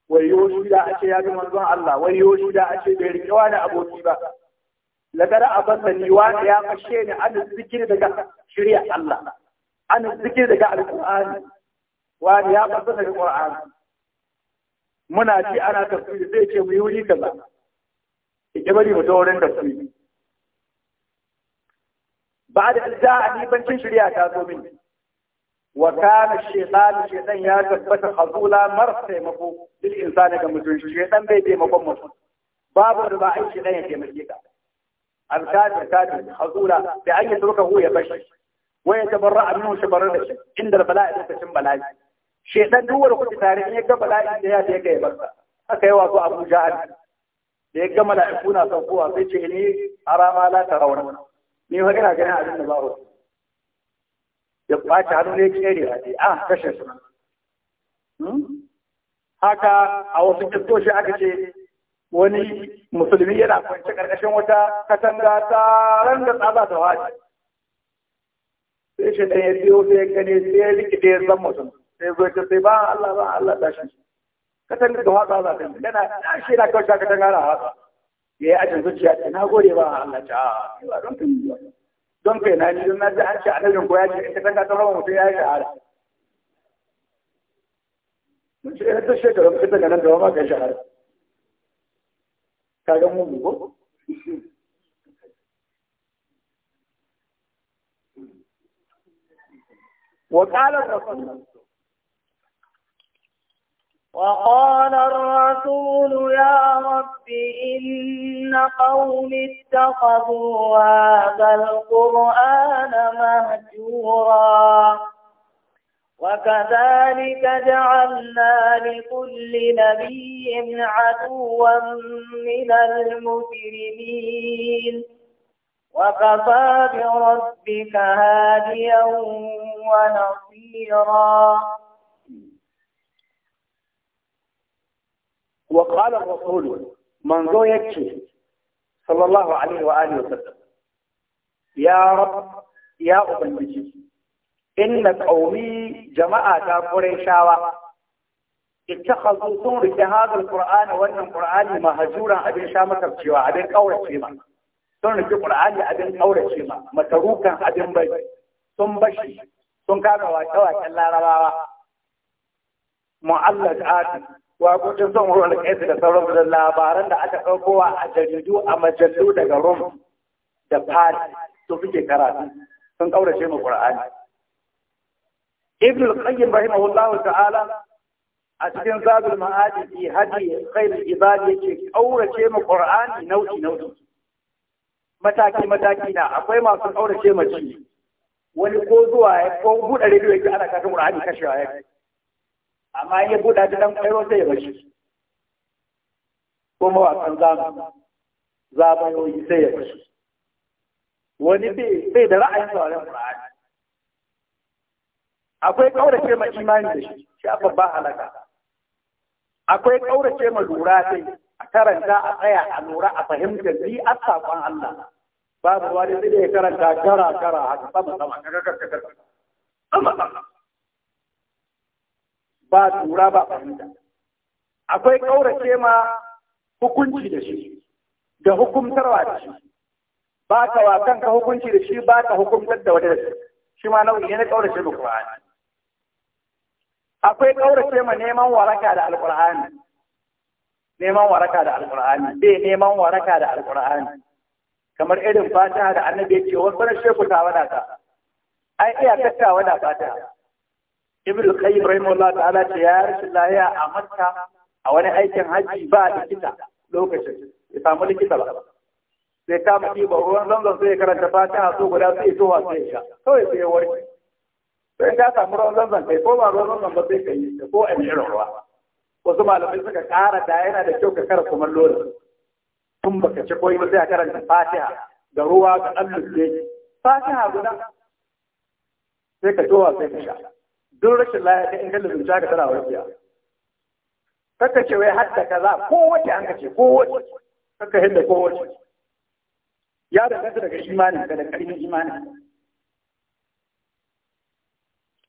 wayo shi da ake ya ga manzon Allah wayo shi da ake bai rike wani aboki ba laqad afallani wa ya fashe ni an zikri daga shirya Allah an zikri daga alqur'ani wa ya fasa daga qur'ani muna ji ana tafsiri zai ce mu yi wuri kaza ki bari mu ta wurin tafsiri بعد أن جاءني بنشن شريعة تازو مني وكان الشيطان الشيطان يا تثبت خذولا مرسى مكو للإنسان كمتون الشيطان بيدي مكمل باب رباعي الشيطان يدي مجيكا الكاتب كاتب خذولا بأن يتركه يبشر ويتبرع منه شبرر عند البلاء إذا تشم بلاء الشيطان هو اللي كنت تاريخ يبقى بلاء إذا يأتي يكي برسا هكا يوافو أبو جهل يبقى ملائكونا سوفوها في شهني أرى ما لا ترونه ni wani na ganin abin da babu ya ɓaci hannu ne kere a ce a kashe su hmm? haka a wasu kistoshi aka ce wani musulmi yana kwance ƙarƙashin wata katanga ta ran da tsaba da wace sai shi ɗan ya biyo sai ya gane sai ya rikide ya zan mutum sai zo ta sai ba Allah ba Allah ɗashi katanga da wata za ta yana shi na kawai katanga da wata. ya yi ajin zuciya ce na gode ba Allah ta ba don kai na jirgin na ji an a annabin ko ya ce ita kanka ta rawa mutum ya yi shahara mun ce ta eh, shekara mutum daga nan da ma kai shahara ka ga mun ko وقال الرسول وقال الرسول يا رب إن قومي اتخذوا هذا القرآن مهجورا وكذلك جعلنا لكل نبي عدوا من المجرمين وكفى بربك هاديا ونصيرا وقال الرسول من ذو يكفي صلى الله عليه وآله وسلم يا رب يا أبا المجيد إن قومي جماعة قريشاوة اتخذوا صورة هذا القرآن وأن القرآن مهجورا أبن شامة الشيوة أبن قورة الشيوة صور في القرآن أبن قورة الشيوة متروكا أبن بي ثم بشي ثم كان واتوا كلا رواوا معلق آدم waƙoƙin son ruwan da kai da sauran da labaran da aka ɗaukowa a jaridu a majallu daga rum da fadi to suke karatu sun ƙaurace mu ƙura'ani ibn al-qayyim rahimahullah ta'ala a cikin zabul ma'adi fi hadi khairul ibad yake ƙaurace mu ƙura'ani nau'i nau'i mataki mataki na akwai masu ƙaurace jini wani ko zuwa ko buɗe rediyo yake ana kashe ƙura'ani kashewa yake amma in ya buɗa da ɗan ƙwairo sai ya bashi ko zama zamu zamayoyi sai ya bashi wani bai da ra'ayin sauran ra'ayi akwai ƙaurace ma imani da shi shi a babban halaka akwai ƙaurace ma lura sai a karanta a tsaya a lura a fahimtar bi a saƙon Allah babu wani zai ya karanta gara gara haka sama sama ba tura ba fahimta akwai ƙaurace ma hukunci da shi da hukumtarwa da shi ba ka wa kanka hukunci da shi ba ka hukumtar da wadda da shi shi ma nau'i ne na ƙaurace ma Qur'ani akwai ƙaurace ma neman waraka da alƙur'ani neman waraka da alƙur'ani be neman waraka da alƙur'ani kamar irin fata da annabi ya ce wasu na sheku ta wadata ai iya kattawa da fata. ibn qayyim rahimahullah ta'ala ce ya rashin lahiya a makka a wani aikin hajji ba likita lokacin ya samu likita ba sai ta mace ba ruwan zanzan sai ya karanta fatiha so guda sai so towa sai ya sha kawai sai ya warke sai ta samu ruwan zanzan kai ko ba ruwan zanzan ba sai ka yi ko a irin ruwa wasu malamai suka ƙara da yana da kyau ka kara kuma lori. tun baka ci koyi ba sai a karanta fatiha da ruwa ga ɗan lulle fatiha guda sai ka towa sai ka sha don rashin ta in ka lubunta ka tana warkiya kaka ce wai hadda kaza ko wace an ka ce ko wace kaka hinda ko wace ya kasu daga imanin ka da karfin imanin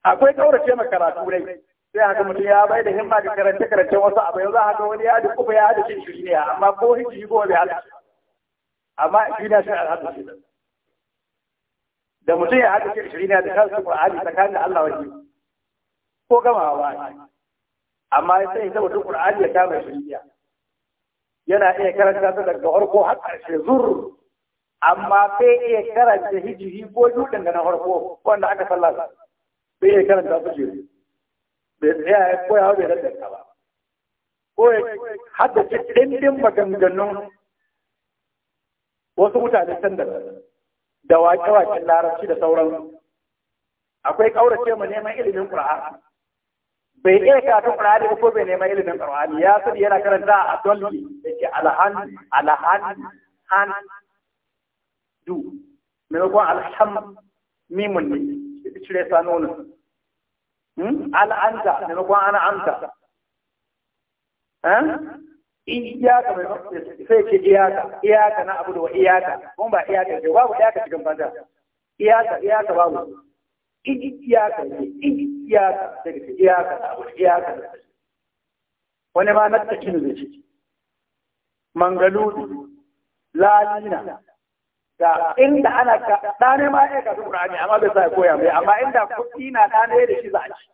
akwai kaurace ma karatu dai sai haka mutum ya bai da himma ga karance karance wasu abu yanzu haka wani ya da kufa ya da shi shi ne amma ko hiji ko bai hada amma shi na shi alhadu shi da mutum ya hada shi shiri ne da a Qur'ani tsakanin Allah wajen ko gamawa ba amma ya sai saboda Qur'ani ya kama shiriya yana iya karanta ta daga farko har ƙarshe zurru. amma sai iya karanta hijiri ko dukkan da na farko wanda aka sallasa bai iya karanta su jiri bai tsaya ya koya bai daddanta ba ko ya haddace ɗindin maganganun wasu mutane can da da wake-waken larabci da sauran akwai ƙaurace ma neman ilimin Qur'ani bai iya karatun Qur'ani ko bai neman ilimin Qur'ani ya sani yana karanta a dolli yake alhan alhamdu, han du maimakon alham mimun ne cire sa nonon hmm? al'anta maimakon ana amsa eh? iyaka mai sai ce iyaka iyaka na abu da wa iyaka kuma ba iyaka ce babu iyaka cikin banza iyaka iyaka babu iji iyaka ne iji iyaka daga ta iyaka na wani wani ma na ta kinu da ciki mangaludu lalina da inda ana ka ɗane ma ya kasu ƙurani amma bai sa koya mai amma inda kuɗi na ɗane da shi za a ci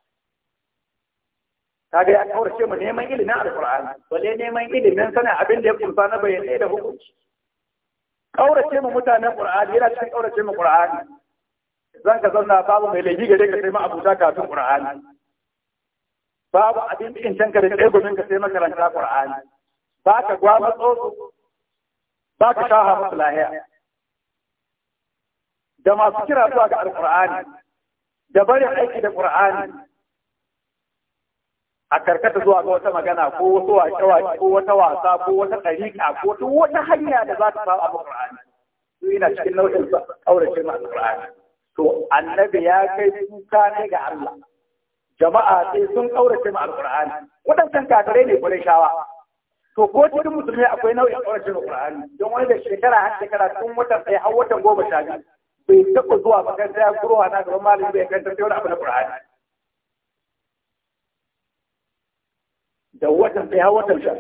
kaga ya kaurace mu neman ilimin alƙur'ani balle neman ilimin sanin abin da ya kusa na bayanai da hukunci kaurace mu mutanen ƙur'ani yana cikin kaurace mu ƙur'ani za ka zauna babu mai laifi gare ka sai ma'abuta kafin ƙur'ani babu abin in canka da ɗaya gomin ka sai makaranta ƙur'ani ba ka gwa matso ba ka shaha masu lahiya da masu kira zuwa ga alƙur'ani da barin aiki da ƙur'ani a karkata zuwa ga wata magana ko wasu wace ko wata wasa ko wata ɗariƙa ko duk wata hanya da za ta samu alƙur'ani su yana cikin nau'in ce ma alƙur'ani to annabi ya kai kuka ne ga Allah jama'a sai sun ƙaurace ma alqur'ani wadannan kafirai ne gurin shawa to ko cikin musulmi akwai nau'in ƙaurace ma alqur'ani don wani da shekara har shekara tun watan ɗaya, har watan goma sha biyu bai taɓa zuwa makaranta ya kurowa na gaban malami bai kanta sai wani abu na qur'ani da watan ɗaya har watan sha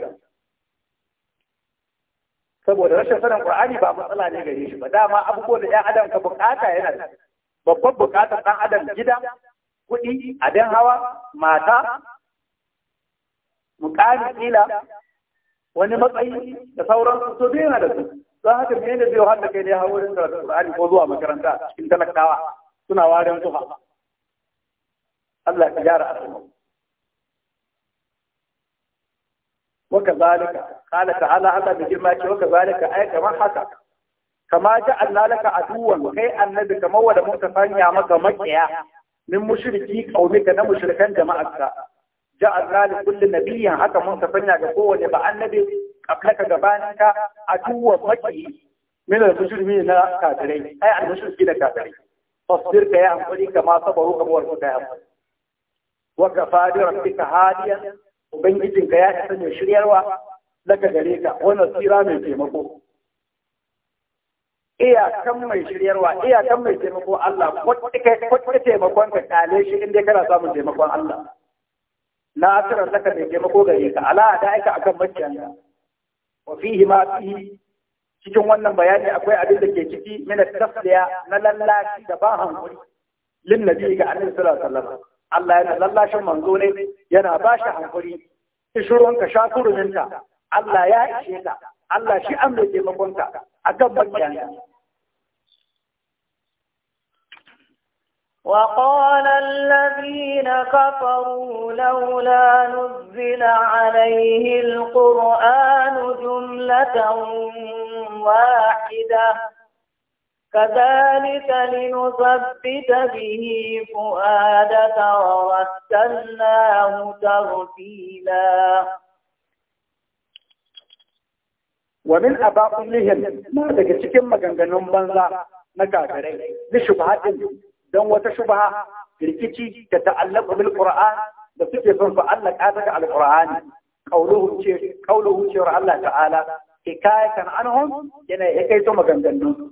saboda rashin sanin qur'ani ba matsala ne gare shi ba dama abubuwan da ya adam ka bukata yana da babban bukatar ɗan adam gida kuɗi abin hawa mata mukami kila wani matsayi da sauran to zai yana da su don haka me ne zai hada kai ne har wurin da Qur'ani ko zuwa makaranta cikin talakawa suna warin zuwa. Allah ya gyara asma وكذلك قال تعالى هذا بجمعك وكذلك أي كما haka. كما جعلنا لك عدوا كي النبي كما ولا متفانيا مكة مكيا من مشركيك او ميكا نمشركا جماعتك جعلنا لكل نبي حتى متفانيا كفو ونبع النبي قبلك جبانك عدوا مكي من المشركين لا كافرين اي عن المشركين كافرين فاصبر كي انقلي كما صبروا ابو الكتاب وكفى لربك هاديا وبين اذن كياك سنشريا لك جريكا ونصيرا من في مقوم iyakan mai shiryarwa iyakan mai taimako Allah kwatta taimakon ka kale shi inda kana samun taimakon Allah na asirar saka mai taimako gare ka ala da aika akan maciyan wa fihi ma fi cikin wannan bayani akwai abin da ke ciki mina na lallashi da ba hankuri lin nabi ga annabi sallallahu alaihi wasallam Allah yana lallashin manzo ne yana ba shi hankuri ishurun ka shakurunin Allah ya ishe ka Allah shi an mai taimakon ka akan bakiyanka وقال الذين كفروا لولا نزل عليه القرآن جملة واحدة كذلك لنثبت به فؤادك ورتلناه ترتيلا ومن أباطلهم ما تكتكم مغنغنون بنزا نكاكرين لشبهات don wata shubha rikici da ta'allaqu bil qur'an da suke son su allaka ta al qur'ani qawluhu ce qawluhu ce Allah ta'ala hikayatan anhum yana ya kai to magandanu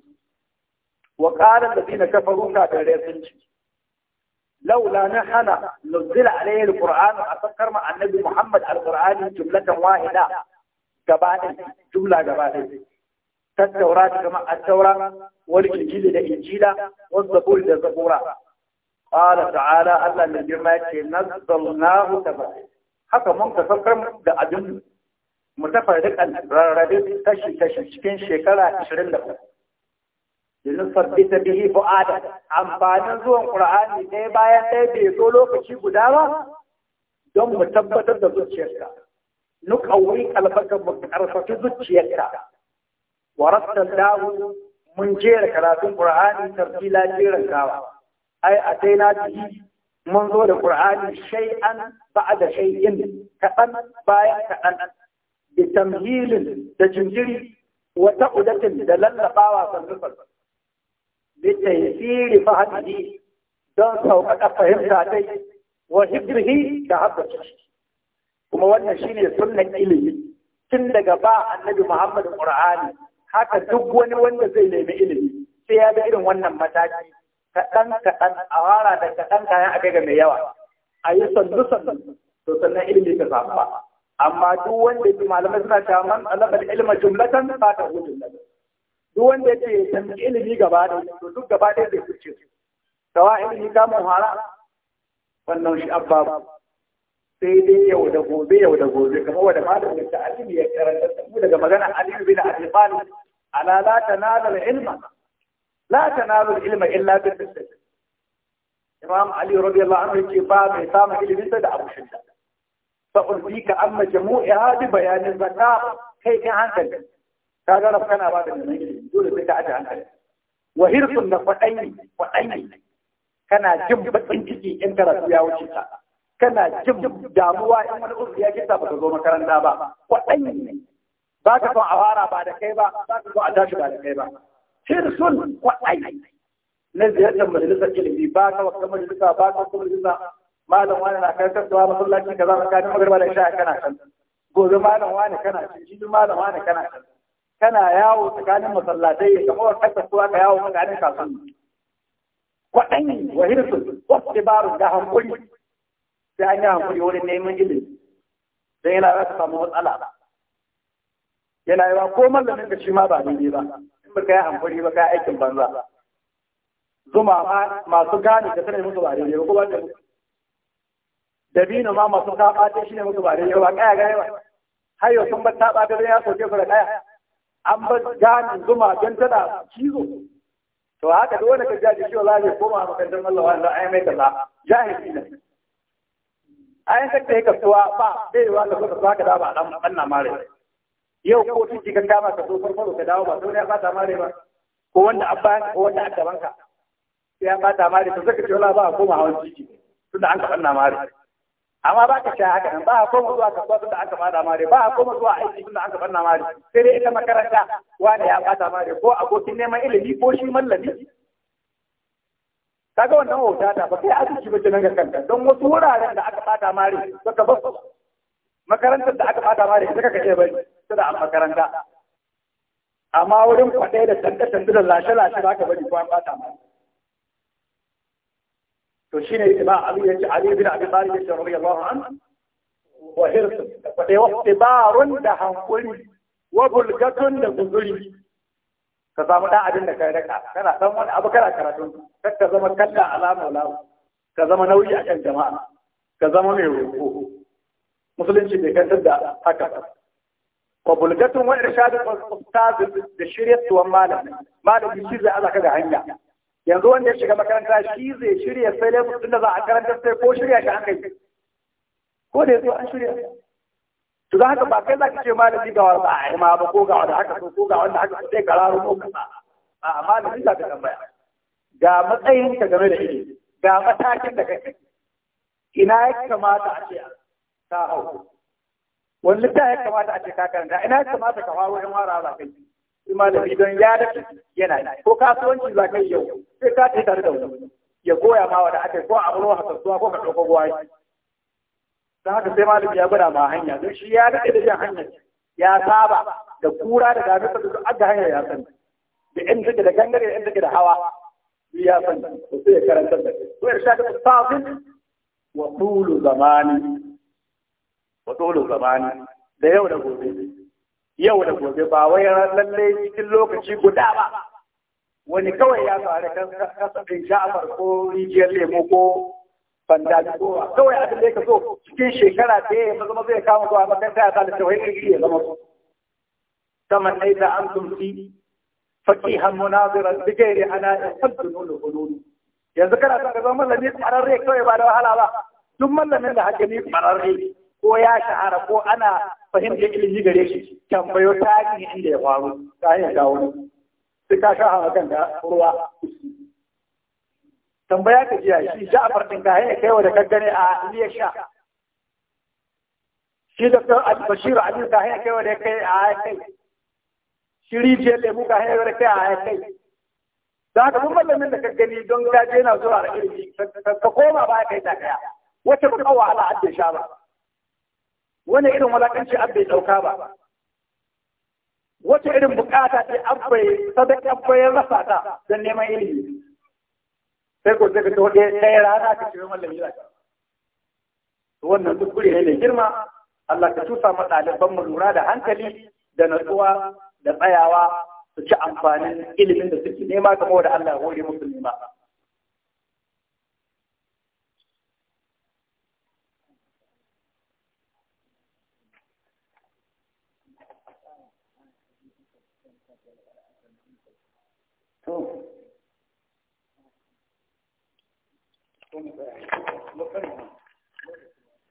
wa qala alladhina kafaru ka da rayyanci laula nahana nuzila alayhi al qur'an wa asakkar ma annabi muhammad al qur'ani jumlatan wahida gabaɗaya jumla التوراة كما التوراة والإنجيل ده إنجيل والزبور ده زبورة قال تعالى الله من جمعك نزلناه تفرد حتى من تفكر ده أدن متفردك أن رردت تشي تشي شكين شكرا عشرين لكم بيت به فؤادك عن بعد Qur'ani ɗaya bayan ɗaya bai zo lokaci guda ba don mu tabbatar da zuciyarka. Nukawai kalbaka mu warasta lahu mun jera karatun qur'ani tartila jerin kawa ai daina bihi mun zo da ƙur'ani shay'an ba'da shay'in kaɗan bayan kaɗan bi tamhilin da jinjiri wa ta'udatin da lallabawa sannufar bi taysiri fahadihi don sauƙaƙa fahimta dai wa hibirhi da haɓace kuma wannan shine sunnan ilimi tun daga ba annabi Muhammad Qur'ani haka duk wani wanda zai nemi ilimi sai ya bi irin wannan mataki kaɗan kaɗan a wara da kaɗan kayan a kai ga mai yawa a yi sandu sandu to sannan ilimi ka samu ba amma duk wanda yake malamai suna cewa man ilimin ilma jumlatan ba ta hu jumlatan duk wanda yake san ilimi gaba da to duk gaba da zai ce sawa ilimi kamun hara wannan shi abba sai dai yau da gobe yau da gobe kamar wanda malam da ta'alim ya karanta mu daga magana Ali bin Abi Talib ala la tanalu ilma la tanalu ilma illa bi tasawwur Imam Ali radiyallahu anhu yake ba mai samun ilimin sa da Abu Shidda fa ulbika amma jamu'iha bi bayanin zakka kai kan hankali kaga rab kana ba da ilimi dole sai ka aje hankali wa hirsun da kwadanyi kwadanyi kana jin bakin ciki in karatu ya wuce ka kana jin damuwa in wani uzuri ya ba baka zo makaranta ba kwaɗanyi ba ka son a fara ba da kai ba ba ka son a tashi ba da kai ba hirsun kwaɗanyi na ziyartar majalisar ilimi ba ka wata majalisa ba ka wata majalisa malam wani na kan kasuwa masallaci kaza tsakanin magarba da sha kana can gobe malam wani kana can jibi malam wani kana can kana yawo tsakanin masallatai kamar wata kasuwa ka yawo tsakanin kasuwa kwaɗanyi wa hirsun wasu dabarun da hankuli sai an yi hankuri wurin neman ilimi don yana za ka samu matsala ba yana ba ko mallamin da shi ma ba daidai ba in ba ka yi hankuri ba ka yi aikin banza zuma ma masu gane da sanar musu ba daidai ba ko ba da dabino ma masu kafa ta shi ne musu ba daidai ba kaya gaya ba har yau sun ba taɓa ta ya soke ku da kaya an ba gane zuma don tana cizo to haka duk wani ka jaji shi wala zai koma makarantar Allah wanda ai mai kaza jahili ne an ka kai kasuwa ba zai yiwa ka kuka suwa ka dawo ba dan banna mare yau ko tuki ka kama ka so farfaro ka dawo ba sai ya fata mare ba ko wanda abba ko wanda aka banka sai ya fata mare to zaka ce wala ba a koma hawan ciki tunda an ka banna mare amma ba ka sha haka nan ba a koma zuwa kasuwa tunda an ka fada mare ba a koma zuwa aiki tunda an ka banna mare sai dai ita makaranta wani ya fata mare ko abokin neman ilimi ko shi mallami kaga wannan wauta ta ba kai asibiti bace nan ga kanka don wasu wuraren da aka bata mare suka ba makarantar da aka bata mare suka kace bari su da makaranta amma wurin kwaɗe da tanda tanda da lashe lashe ba ka bari ko an bata mare to shine ba Ali yace Ali bin Abi Talib yace radiyallahu anhu wa hirs wa tibarun da hankuri wa bulgatun da guzuri ka samu da abin da ka raka kana ɗan wani abu kana karatu kar ka zama kalla alama lawo ka zama nauyi a kan jama'a ka zama mai roƙo musulunci bai kantar da haka ba wa bulgatun wa irshadin ustaz da wa malam malam shi zai azaka ga hanya yanzu wanda ya shiga makaranta shi zai shirya sai dai tunda za a karanta sai ko shirya shi an kai ko da yanzu an shirya Su da haka ba kai za ka ce malami ga wanda a ma ba ko ga wanda haka so ko ga wanda haka sai kararo ko ba? a malami za ta tambaya ga matsayin ka game da ilimi ga matakin da kai ina ya kamata a ce ka hau wani littafi ya kamata a ce ka karanta ina ya kamata ka faro in wara za kai shi malami don ya dace yana ko kasuwanci za kai yau sai ka ce tare da wani ya koya ma wanda ake, ko a murwa hasasuwa ko ka ɗauko gwai don haka sai malik ya gwada ma hanya don shi ya gaɗe da jan hanyar ya saba da kura da gaɗe da duk adda hanyar ya sani da yan suke da gangare da yan suke da hawa ya sani da sai ya karanta da Su ya shaka tafin wa tulu zamani wa tulu zamani da yau da gobe yau da gobe ba wai lalle cikin lokaci guda ba wani kawai ya faru kan kasa in sha'afar ko rijiyar lemo ko ban dami kowa kawai abin da ya so cikin shekara ɗaya ya zama zai kama zuwa makaranta ya tsada tawai kai ya zama su kamar na da an tumfi faqihan munaziran bi ghairi ana yaqdunul hulul yanzu kana son ka zama malami ƙwararre kawai ba da wahala ba duk mallamin da hakimi ƙwararre ko ya shahara ko ana fahimtar ilimi gare shi tambayo tarihi inda ya faru ta hanyar dawo sai ka sha hawa kan ruwa tambaya ka jiya shi Ja'far din ka hayya kaiwa da kaggane a Iliya sha shi da Bashir Ali ka hayya kaiwa da kai a kai je le lemu ka hayya da kai a kai za ka mun mallamin da kaggani don je yana zuwa da ilimi ka koma ba kai ta kaya wace ba kawa ala abin sha ba wani irin walakanci abin dauka ba wace irin bukata ce abin sadaka abin rasa dan neman ilimi sai ko sai ka taho ɗaya rana ka cire mallami za ka wannan duk kuri ne mai girma Allah ka tusa ma ɗaliban mu lura da hankali da natsuwa da tsayawa su ci amfanin ilimin da suke nema kamar da Allah ya hore musu nema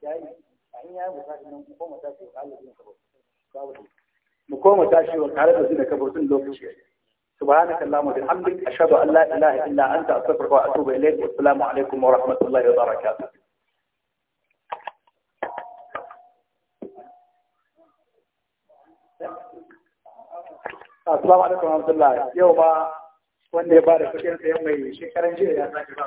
shayi a in yayin bukashi nan mu koma tashi wa Allah bin mu koma tashi wa tare da su da lokaci سبحانك اللهم وبحمدك أشهد أن لا إله إلا أنت أستغفرك وأتوب إليك والسلام عليكم ورحمة الله وبركاته yau ba wanda ya ba da kuɗin sayan mai shekaran jiya ya